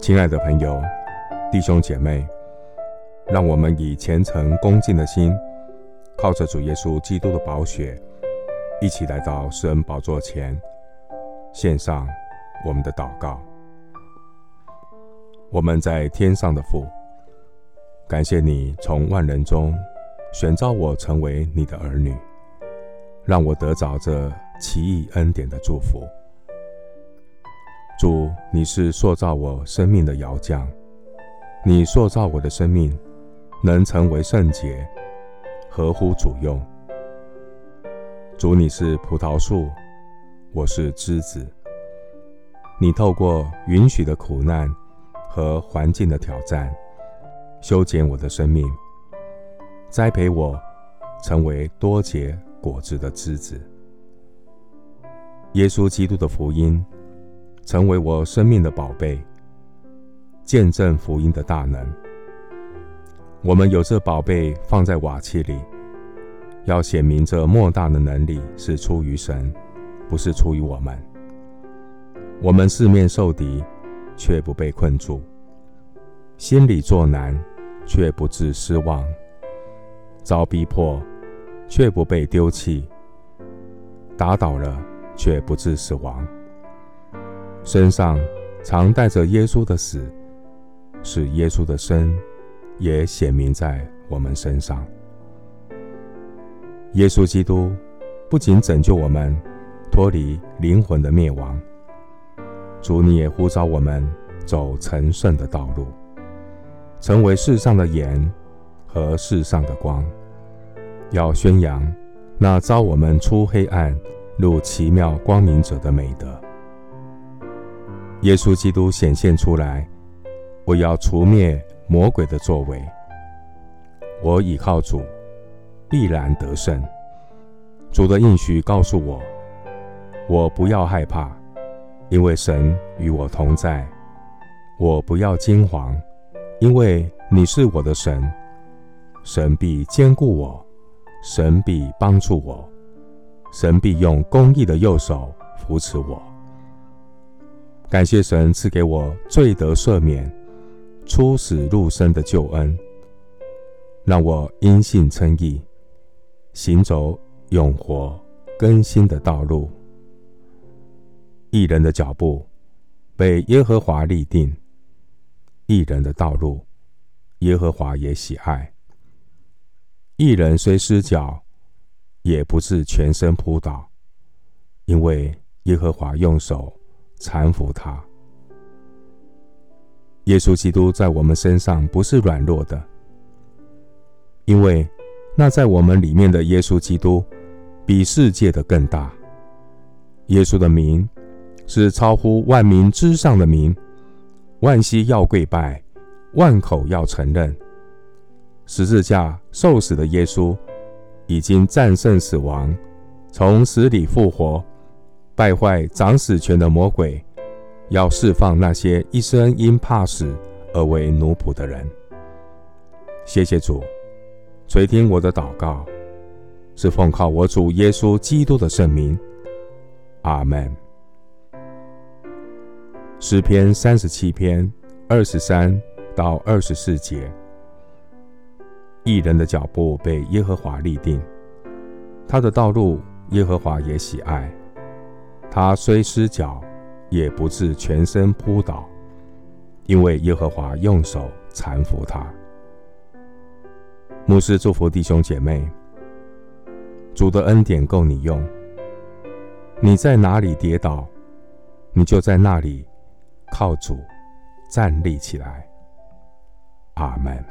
親愛的朋友、弟兄姐妹，讓我們以虔誠恭敬的心，靠着主耶穌基督的寶血，一起來到施恩寶座前，獻上我們的禱告。我們在天上的父，感謝你從萬人中選召我成為你的兒女，讓我得着這奇異恩典的祝福。主，你是塑造我生命的窯匠；你塑造我的生命，能成為聖潔，合乎主用。主，你是葡萄樹，我是枝子。你透過允許的苦難和環境的挑戰，修剪我的生命，栽培我，成為多結果子的枝子。耶穌基督的福音。成為我生命的寶貝，見證福音的大能。我們有這寶貝放在瓦器裡，要顯明這莫大的能力是出於神，不是出於我們。我們四面受敵，卻不被困住；心裡作難，卻不至失望；遭逼迫，卻不被丟棄；打倒了，卻不至死亡。身上常帶着耶穌的死，使耶穌的生也顯明在我們身上。耶穌基督不僅拯救我們脫離靈魂的滅亡，主你也呼召我們走成聖的道路，成為世上的鹽和世上的光，要宣揚那召我們出黑暗入奇妙光明者的美德。耶穌基督顯現出來，我要除滅魔鬼的作為。我倚靠主，必然得勝。主的應許告訴我，我不要害怕，因為神與我同在。我不要驚惶，因為你是我的神。神必堅固我，神必幫助我，神必用公義的右手扶持我。感謝神賜給我罪得赦免、出死入生的救恩，讓我因信稱義，行走永活更新的道路。義人的腳步被耶和華立定，義人的道路，耶和華也喜愛。義人雖失腳，也不至全身仆倒，因為耶和華用手。攙扶他。耶穌基督在我們身上不是軟弱的，因為那在我們裡面的耶穌基督比世界的更大。耶穌的名是超乎萬名之上的名，萬膝要跪拜，萬口要承認。十字架受死的耶穌已經戰勝死亡，從死裡復活。敗壞掌死權的魔鬼，要釋放那些一生因怕死而為奴僕的人。謝謝主，垂聽我的禱告，是奉靠我主耶穌基督的聖名。阿門。詩篇三十七篇二十三到二十四節：義人的腳步被耶和華立定，他的道路耶和華也喜愛。他雖失腳，也不至全身撲倒，因為耶和華用手攙扶他。牧師祝福弟兄姐妹，主的恩典夠你用。你在哪裡跌倒，你就在那裡靠主站立起來。阿門。